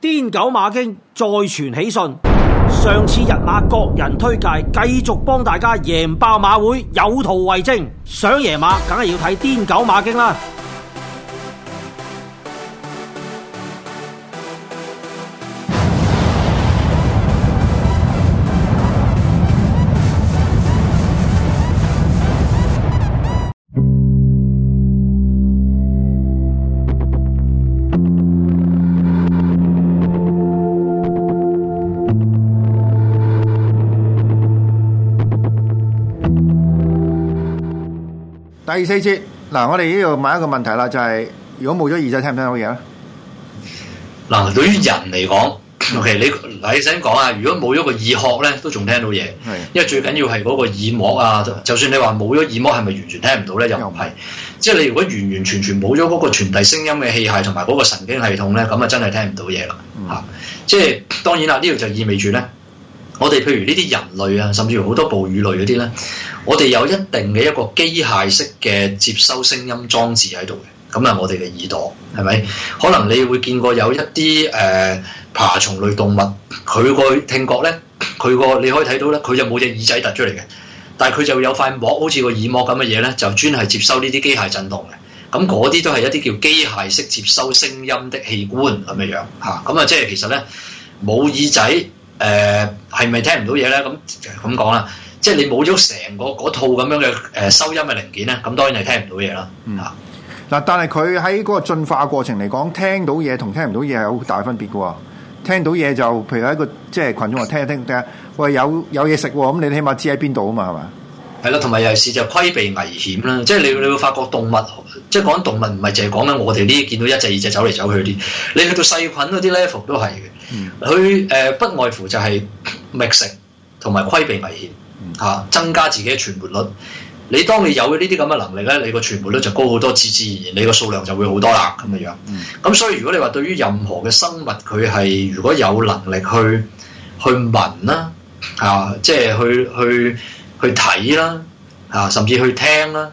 癲狗馬經再傳喜訊，上次日馬各人推介繼續幫大家贏爆馬會，有圖為證。想贏馬，梗係要睇癲狗馬經啦。第四節嗱，我哋呢度問一個問題啦，就係如果冇咗耳仔，聽唔聽到嘢咧？嗱，對於人嚟講，OK，你你先講啊。如果冇咗個耳殼咧、 okay，都仲聽到嘢，因為最緊要係嗰個耳膜啊。就算你話冇咗耳膜，係咪完全聽唔到咧？又唔係。 即係你如果完完全全冇咗嗰個傳遞聲音嘅器械同埋嗰個神經系統咧，咁 啊真係聽唔到嘢啦。吓，即係當然啦，呢度就意味住咧。我哋譬如呢啲人類啊，甚至乎好多哺乳類嗰啲咧，我哋有一定嘅一個機械式嘅接收聲音裝置喺度嘅，咁啊，我哋嘅耳朵係咪？可能你會見過有一啲誒爬蟲類動物，佢個聽覺咧，佢個你可以睇到咧，佢就冇隻耳仔凸出嚟嘅，但係佢就有塊膜，好似個耳膜咁嘅嘢咧，就專係接收呢啲機械震動嘅。咁嗰啲都係一啲叫機械式接收聲音的器官咁嘅樣嚇。咁啊，即係其實咧冇耳仔。誒係咪聽唔到嘢咧？咁咁講啦，即係你冇咗成個套咁樣嘅誒收音嘅零件咧，咁當然係聽唔到嘢啦。嗯，嗱，但係佢喺嗰個進化過程嚟講，聽到嘢同聽唔到嘢係好大分別嘅喎。聽到嘢就譬如喺個即係羣眾話聽聽聽，聽，聽，喂有有嘢食喎，咁、嗯、你起碼知喺邊度啊嘛，係咪？係啦，同埋尤其是就是規避危險啦，即係你你會發覺動物。即係講動物唔係淨係講緊我哋呢，見到一隻二隻走嚟走去啲，你去到細菌嗰啲 level 都係嘅。佢誒不外乎就係覓食同埋規避危險嚇、啊，增加自己嘅存活率。你當你有呢啲咁嘅能力咧，你個存活率就高好多，自自然然你個數量就會好多啦咁嘅樣。咁所以如果你話對於任何嘅生物，佢係如果有能力去去聞啦嚇、啊，即係去去去睇啦嚇，甚至去聽啦。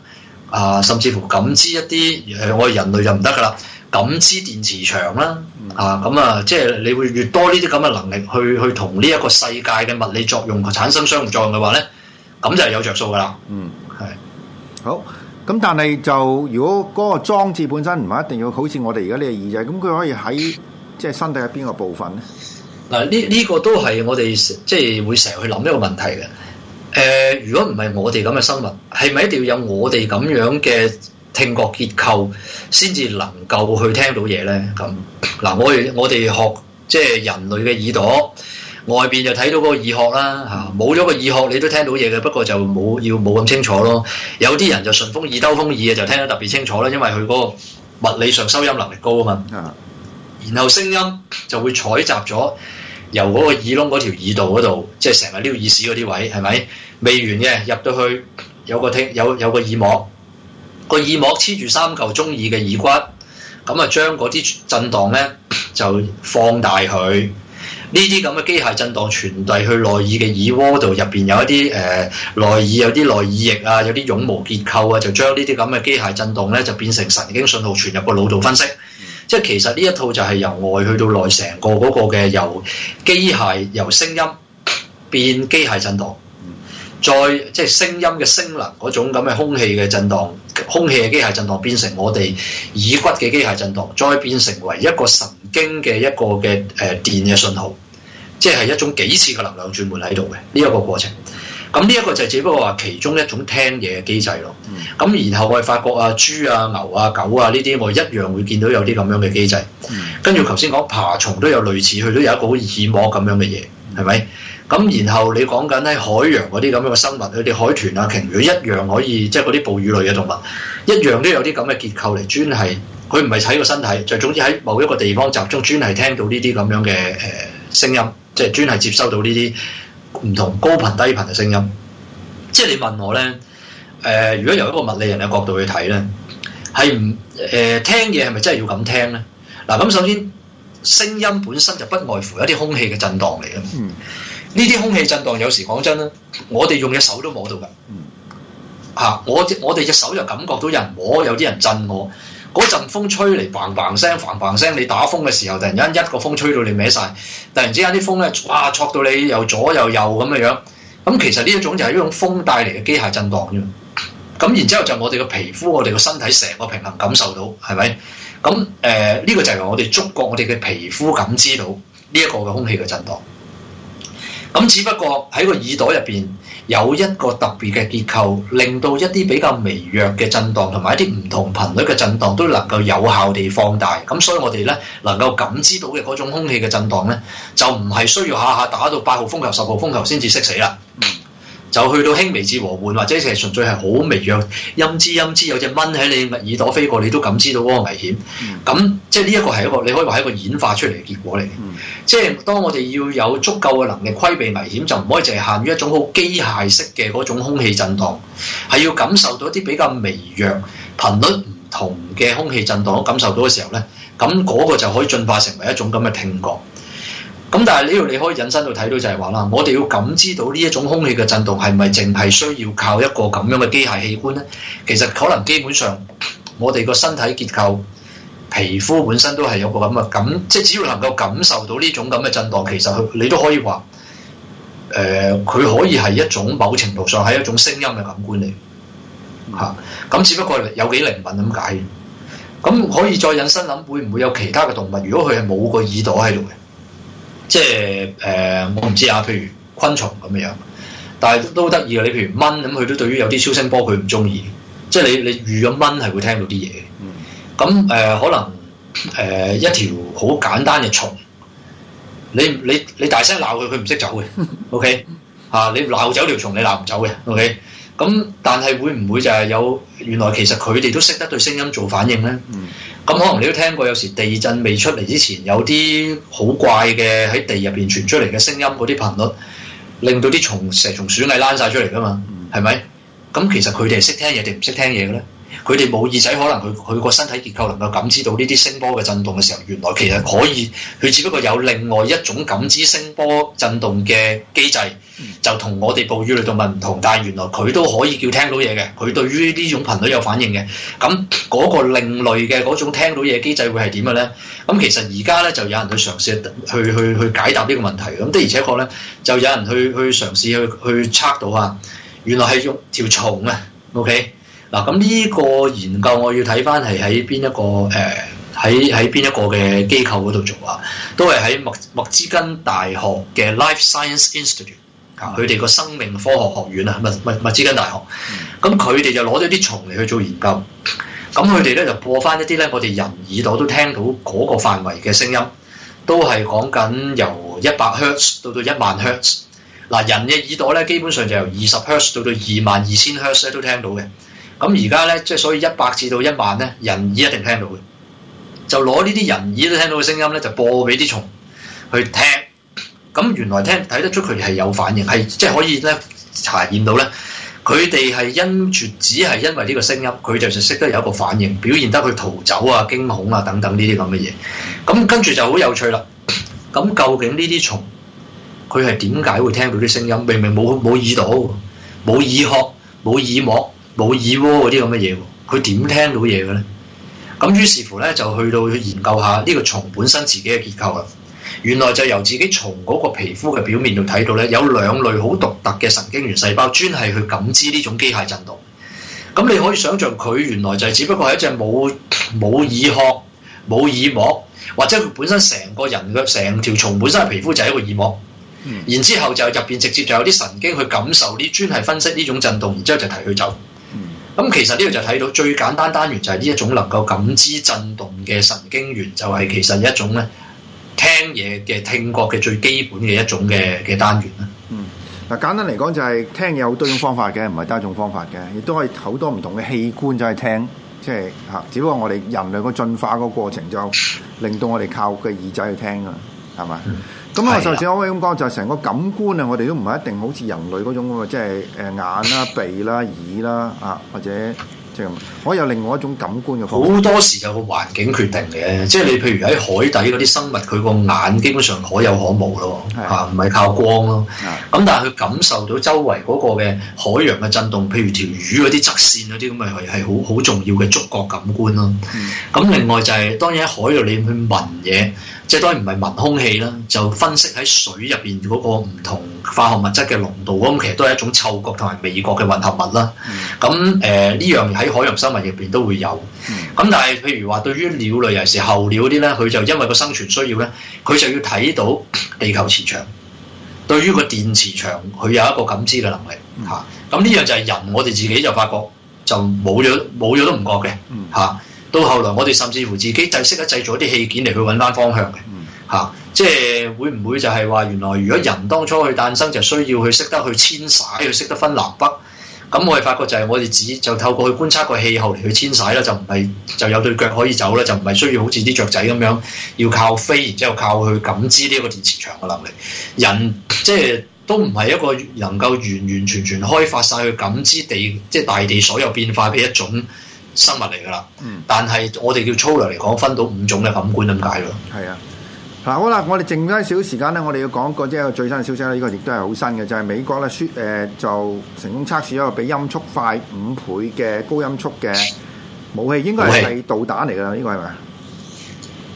啊，甚至乎感知一啲，誒、呃，我哋人類就唔得噶啦。感知電磁場啦，啊，咁啊，啊，即係你會越多呢啲咁嘅能力去，去去同呢一個世界嘅物理作用產生相互作用嘅話咧，咁就係有着數噶啦。嗯，係。好，咁但係就如果嗰個裝置本身唔係一定要好似我哋而家呢個耳仔，咁佢可以喺即係身體入邊個部分咧。嗱、啊，呢呢、呢個都係我哋即係會成日去諗一個問題嘅。誒、呃，如果唔係我哋咁嘅生物，係咪一定要有我哋咁樣嘅聽覺結構，先至能夠去聽到嘢呢？咁嗱，我哋我哋學即係人類嘅耳朵，外邊就睇到嗰個耳殼啦嚇，冇咗個耳殼你都聽到嘢嘅，不過就冇要冇咁清楚咯。有啲人就順風耳、兜風耳嘅就聽得特別清楚啦，因為佢嗰個物理上收音能力高啊嘛。然後聲音就會採集咗由嗰個耳窿嗰條耳道嗰度，即係成日撩耳屎嗰啲位，係咪？未完嘅入到去有個聽有有個耳膜，個耳膜黐住三嚿中耳嘅耳骨，咁啊將嗰啲震盪呢就放大佢。呢啲咁嘅機械震盪傳遞去內耳嘅耳窩度入邊，有一啲誒內耳有啲內耳液啊，有啲絨毛結構啊，就將呢啲咁嘅機械震盪呢就變成神經信號傳入個腦度分析。即係其實呢一套就係由外去到內個個，成個嗰個嘅由機械由聲音變機械震盪。再即係聲音嘅聲能嗰種咁嘅空氣嘅震盪，空氣嘅機械震盪變成我哋耳骨嘅機械震盪，再變成為一個神經嘅一個嘅誒電嘅信號，即係一種幾次嘅能量轉換喺度嘅呢一個過程。咁呢一個就只不過話其中一種聽嘢嘅機制咯。咁然後我哋發覺啊豬啊牛啊狗啊呢啲我一樣會見到有啲咁樣嘅機制。跟住頭先講爬蟲都有類似，佢都有一個耳膜咁樣嘅嘢，係咪？咁然後你講緊喺海洋嗰啲咁樣嘅生物，佢哋海豚啊、鯨魚一樣可以，即係嗰啲哺乳類嘅動物一樣都有啲咁嘅結構嚟專係，佢唔係睇個身體，就是、總之喺某一個地方集中專係聽到呢啲咁樣嘅誒聲音，即係專係接收到呢啲唔同高頻低頻嘅聲音。即係你問我咧，誒、呃、如果由一個物理人嘅角度去睇咧，係唔誒聽嘢係咪真係要咁聽咧？嗱咁首先聲音本身就不外乎一啲空氣嘅震盪嚟嘅。嗯。呢啲空氣震盪，有時講真啦，我哋用隻手都摸到噶。嚇，我我哋隻手就感覺到有人摸，有啲人震我。嗰陣風吹嚟，嘭嘭聲，嘭嘭聲。你打風嘅時候，突然間一個風吹到你歪晒，突然之間啲風咧，哇，錯到你又左又右咁嘅樣。咁其實呢一種就係呢種風帶嚟嘅機械震盪啫。咁然之後就我哋嘅皮膚，我哋嘅身體成個平衡感受到，係咪？咁誒，呢、呃呢個就係我哋觸覺，我哋嘅皮膚感知到呢一個嘅空氣嘅震盪。咁只不過喺個耳朵入邊有一個特別嘅結構，令到一啲比較微弱嘅震盪同埋一啲唔同頻率嘅震盪都能夠有效地放大。咁所以我哋咧能夠感知到嘅嗰種空氣嘅震盪咧，就唔係需要下下打到八號風球、十號風球先至識死啦。就去到輕微至和緩，或者就係純粹係好微弱，陰滋陰滋有隻蚊喺你耳朵飛過，你都感知到嗰個危險。咁、嗯、即係呢一個係一個，你可以話係一個演化出嚟嘅結果嚟嘅。嗯、即係當我哋要有足夠嘅能力規避危險，就唔可以淨係限於一種好機械式嘅嗰種空氣震盪，係要感受到一啲比較微弱頻率唔同嘅空氣震盪，感受到嘅時候咧，咁、那、嗰個就可以進化成為一種咁嘅聽覺。咁但係呢度你可以引申到睇到就係話啦，我哋要感知到呢一種空氣嘅震動係咪淨係需要靠一個咁樣嘅機械器官呢？其實可能基本上我哋個身體結構、皮膚本身都係有個咁嘅感，即係只要能夠感受到呢種咁嘅震動，其實你都可以話，誒、呃，佢可以係一種某程度上係一種聲音嘅感官嚟吓。咁只不過有幾靈敏咁解。咁可以再引申諗，會唔會有其他嘅動物？如果佢係冇個耳朵喺度嘅？即係誒、呃，我唔知啊。譬如昆蟲咁樣，但係都好得意嘅。你譬如蚊咁，佢都對於有啲超聲波佢唔中意。即係你你預咗蚊係會聽到啲嘢。咁、嗯、誒，嗯、可能誒、呃、一條好簡單嘅蟲，你你你大聲鬧佢，佢唔識走嘅。O K 嚇，你鬧走條蟲，你鬧唔走嘅。O K 咁，但係會唔會就係有原來其實佢哋都識得對聲音做反應呢？咁可能你都聽過，有時地震未出嚟之前有，有啲好怪嘅喺地入邊傳出嚟嘅聲音，嗰啲頻率令到啲蟲蛇、蟲鼠蟻躝晒出嚟噶嘛，係咪？咁其實佢哋係識聽嘢定唔識聽嘢嘅咧？佢哋冇耳仔，可能佢佢個身體結構能夠感知到呢啲聲波嘅震動嘅時候，原來其實可以，佢只不過有另外一種感知聲波震動嘅機制，就同我哋哺乳類動物唔同。但係原來佢都可以叫聽到嘢嘅，佢對於呢種頻率有反應嘅。咁嗰個另類嘅嗰種聽到嘢機制會係點嘅咧？咁其實而家咧就有人去嘗試去去去解答呢個問題。咁的而且確咧，就有人去去嘗試去去測到啊，原來係用條蟲啊，OK？嗱，咁呢個研究我要睇翻係喺邊一個誒，喺喺邊一個嘅機構嗰度做啊？都係喺墨墨茲根大學嘅 Life Science Institute 啊，佢哋個生命科學學院啊，墨墨墨茲根大學。咁佢哋就攞咗啲蟲嚟去做研究。咁佢哋咧就播翻一啲咧，我哋人耳朵都聽到嗰個範圍嘅聲音，都係講緊由一百 hertz 到到一萬 hertz。嗱，人嘅耳朵咧基本上就由二十 hertz 到到二萬二千 hertz 都聽到嘅。咁而家咧，即係所以一百至到一萬咧，人耳一定聽到嘅，就攞呢啲人耳都聽到嘅聲音咧，就播俾啲蟲去聽。咁原來聽睇得出佢哋係有反應，係即係可以咧查驗到咧，佢哋係因絕只係因為呢個聲音，佢就實識得有一個反應，表現得佢逃走啊、驚恐啊等等呢啲咁嘅嘢。咁跟住就好有趣啦。咁究竟呢啲蟲佢係點解會聽到啲聲音？明明冇冇耳朵，冇耳殼、冇耳膜。冇耳窩嗰啲咁嘅嘢，佢點聽到嘢嘅咧？咁於是乎咧，就去到研究下呢個蟲本身自己嘅結構啦。原來就由自己蟲嗰個皮膚嘅表面度睇到咧，有兩類好獨特嘅神經元細胞，專係去感知呢種機械震動。咁你可以想象佢原來就係只不過係一隻冇冇耳殼、冇耳膜，或者佢本身成個人嘅成條蟲本身嘅皮膚就係一個耳膜。然之後就入邊直接就有啲神經去感受呢，專係分析呢種震動，然之後就提佢走。咁其實呢個就睇到最簡單單元就係呢一種能夠感知震動嘅神經元，就係其實一種咧聽嘢嘅聽覺嘅最基本嘅一種嘅嘅單元啦。嗯，嗱，簡單嚟講就係聽嘢有好多種方法嘅，唔係單一種方法嘅，亦都可以好多唔同嘅器官就去聽，即係嚇。只不過我哋人類個進化個過程就令到我哋靠嘅耳仔去聽啊。係嘛？咁、嗯、我、啊、就似可以咁講，就成個感官啊，我哋都唔係一定好似人類嗰種咁即係誒眼啦、啊、鼻啦、啊、耳啦啊，或者即係、就是、可以有另外一種感官嘅，好多時候有個環境決定嘅，即、就、係、是、你譬如喺海底嗰啲生物，佢個眼基本上可有可無咯，啊唔係靠光咯。咁、啊、但係佢感受到周圍嗰個嘅海洋嘅震動，譬如條魚嗰啲側線嗰啲咁咪係係好好重要嘅觸覺感官咯。咁、嗯、另外就係、是、當然喺海度你去聞嘢。即係當然唔係聞空氣啦，就分析喺水入邊嗰個唔同化學物質嘅濃度，咁其實都係一種嗅覺同埋味覺嘅混合物啦。咁誒呢樣喺海洋生物入邊都會有。咁但係譬如話對於鳥類尤其是候鳥啲咧，佢就因為個生存需要咧，佢就要睇到地球磁場。對於個電磁場，佢有一個感知嘅能力嚇。Mm. 咁呢樣就係人，我哋自己就發覺就冇咗冇咗都唔覺嘅嚇。Mm. 到後來，我哋甚至乎自己就識得製造啲器件嚟去揾翻方向嘅嚇、嗯啊，即係會唔會就係話原來如果人當初去誕生就需要去識得去遷徙，去識得分南北。咁我哋發覺就係我哋只就透過去觀察個氣候嚟去遷徙咧，就唔係就有對腳可以走咧，就唔係需要好似啲雀仔咁樣要靠飛，然之後靠去感知呢個電磁場嘅能力。人即係都唔係一個能夠完完全全開發晒去感知地即係大地所有變化嘅一種。生物嚟噶啦，嗯、但係我哋叫粗略嚟講，分到五種嘅感官，點解咯？係啊，嗱、啊、好啦，我哋剩低少時間咧，我哋要講一個即係最新嘅消息咧，呢、這個亦都係好新嘅，就係、是、美國咧誒、呃、就成功測試咗個比音速快五倍嘅高音速嘅武器，應該係器導彈嚟噶，呢、這個係咪？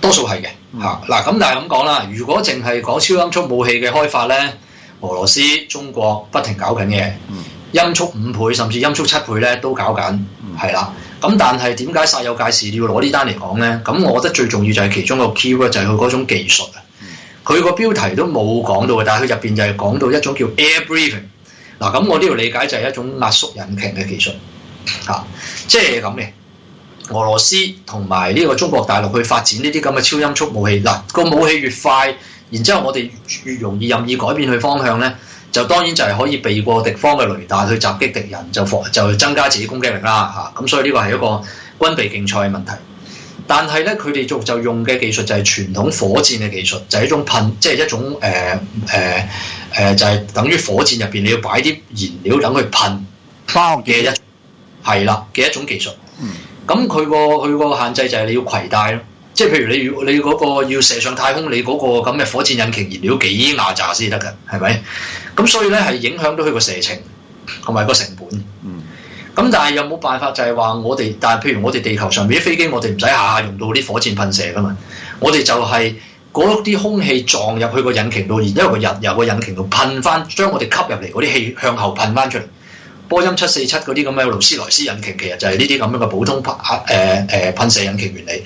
多數係嘅嚇嗱，咁、嗯啊、但係咁講啦，如果淨係講超音速武器嘅開發咧，俄羅斯、中國不停搞緊嘅，嗯、音速五倍甚至音速七倍咧都搞緊，係啦、啊。咁但係點解煞有介事要攞呢單嚟講呢？咁我覺得最重要就係其中個 keyword 就係佢嗰種技術啊。佢個標題都冇講到嘅，但係佢入邊就係講到一種叫 airbreathing。嗱，咁我呢度理解就係一種壓縮引擎嘅技術嚇，即係咁嘅。俄羅斯同埋呢個中國大陸去發展呢啲咁嘅超音速武器，嗱、啊、個武器越快，然之後我哋越容易任意改變佢方向呢。就當然就係可以避過敵方嘅雷達去襲擊敵人，就防就增加自己攻擊力啦嚇。咁所以呢個係一個軍備競賽嘅問題。但係咧，佢哋就就用嘅技術就係傳統火箭嘅技術，就係一種噴，即係一種誒誒誒，就係等於火箭入邊你要擺啲燃料等佢噴嘅一係啦嘅一種技術。咁佢個佢個限制就係你要攜帶咯。即係譬如你你嗰個要射上太空，你嗰個咁嘅火箭引擎燃料幾亞雜先得㗎，係咪？咁所以咧係影響到佢個射程同埋個成本。咁但係有冇辦法就係話我哋？但係譬如我哋地球上面啲飛機，我哋唔使下下用到啲火箭噴射㗎嘛？我哋就係嗰啲空氣撞入去個引擎度，然之後個入由個引擎度噴翻，將我哋吸入嚟嗰啲氣向後噴翻出嚟。波音七四七嗰啲咁嘅勞斯萊斯引擎，其實就係呢啲咁樣嘅普通噴誒誒噴射引擎原理。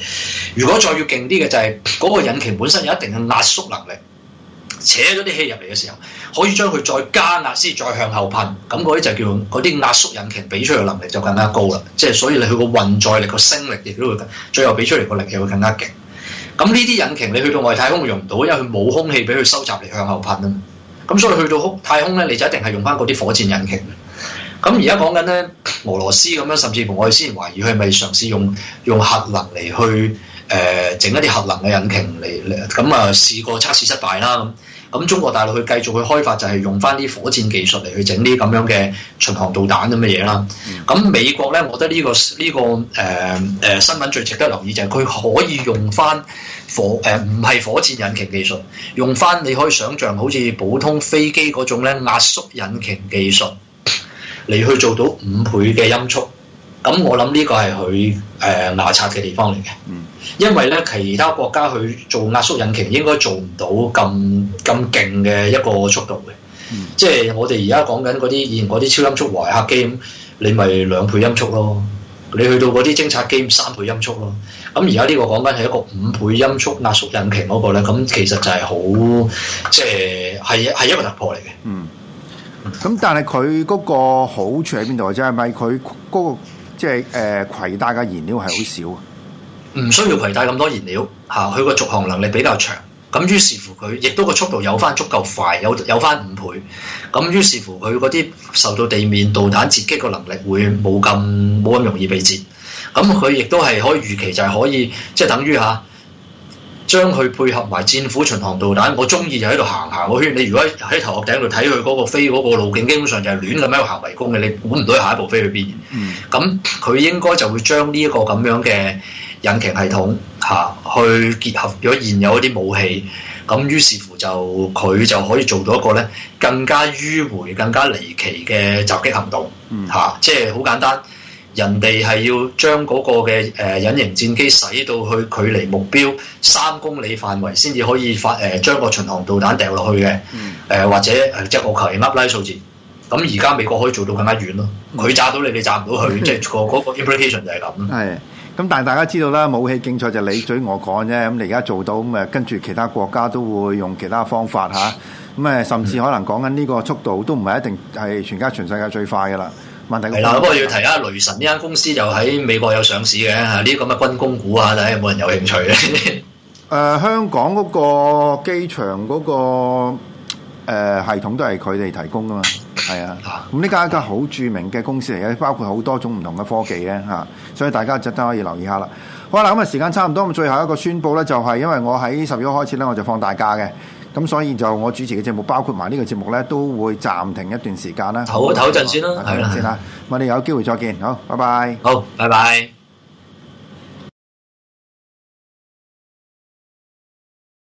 如果再要勁啲嘅，就係嗰個引擎本身有一定嘅壓縮能力，扯咗啲氣入嚟嘅時候，可以將佢再加壓先再向後噴。咁嗰啲就叫嗰啲壓縮引擎，俾出嚟嘅能力就更加高啦。即係所以你佢個運載力、個升力亦都會，最後俾出嚟個力又會更加勁。咁呢啲引擎你去到外太空用唔到，因為佢冇空氣俾佢收集嚟向後噴啊。咁所以去到空太空咧，你就一定係用翻嗰啲火箭引擎。咁而家講緊咧，俄羅斯咁樣，甚至乎我哋先前懷疑佢係咪嘗試用用核能嚟去誒整、呃、一啲核能嘅引擎嚟，咁啊，試過測試失敗啦咁。咁中國大陸去繼續去開發就係用翻啲火箭技術嚟去整啲咁樣嘅巡航導彈咁嘅嘢啦。咁、嗯、美國咧，我覺得呢、呢個呢、呢個誒誒、呃、新聞最值得留意就係佢可以用翻火誒唔係火箭引擎技術，用翻你可以想象好似普通飛機嗰種咧壓縮引擎技術。你去做到五倍嘅音速，咁我諗呢個係佢誒牙刷嘅地方嚟嘅，因為咧其他國家去做壓縮引擎應該做唔到咁咁勁嘅一個速度嘅，嗯、即係我哋而家講緊嗰啲以前啲超音速淮客機咁，你咪兩倍音速咯，你去到嗰啲偵察機三倍音速咯，咁而家呢個講緊係一個五倍音速壓縮引擎嗰、嗰個咧，咁其實就係好即係係係一個突破嚟嘅。嗯咁但係佢嗰個好處喺邊度啊？即係咪佢嗰個即係誒攜帶嘅燃料係好少啊？唔需要攜帶咁多燃料嚇，佢、啊、個續航能力比較長。咁於是乎佢亦都個速度有翻足夠快，有有翻五倍。咁於是乎佢嗰啲受到地面導彈截擊嘅能力會冇咁冇咁容易被截。咁佢亦都係可以預期就係可以即係、就係、等於嚇。啊將佢配合埋戰斧巡航導彈，我中意就喺度行行個圈。你如果喺頭殼頂度睇佢嗰個飛嗰個路徑，基本上就係亂咁喺度行迷宮嘅，你估唔到下一步飛去邊？咁佢、嗯、應該就會將呢一個咁樣嘅引擎系統嚇，去結合咗現有一啲武器，咁於是乎就佢就可以做到一個咧更加迂迴、更加離奇嘅襲擊行動嚇、嗯啊，即係好簡單。人哋係要將嗰個嘅誒隱形戰機駛到去距離目標三公里範圍，先至可以發誒、呃、將個巡航導彈掉落去嘅。誒、呃、或者誒即係我求其拉拉數字。咁而家美國可以做到更加遠咯。佢炸、嗯、到你，你炸唔到佢，即係個嗰個 implication 就係咁。係。咁但係大家知道啦，武器競賽就你嘴我講啫。咁你而家做到，咁誒跟住其他國家都會用其他方法吓。咁、啊、誒甚至可能講緊呢個速度都唔係一定係全家全世界最快嘅啦。係啦，不過要提下雷神呢間公司又喺美國有上市嘅，吓，呢啲咁嘅軍工股啊，睇有冇人有興趣嘅。誒、 嗯，香港嗰個機場嗰、嗰個誒、呃、系統都係佢哋提供噶嘛，係啊。咁呢間一間好著名嘅公司嚟嘅，包括好多種唔同嘅科技嘅吓、啊，所以大家值得可以留意下啦。好啦，咁啊時間差唔多，咁最後一個宣布咧，就係因為我喺十月一號開始咧，我就放大假嘅。咁所以就我主持嘅節目，包括埋呢個節目咧，都會暫停一段時間啦。唞一唞好一陣的先啦，係啦的，先啦的。我哋有機會再見。好，拜拜。好，拜拜。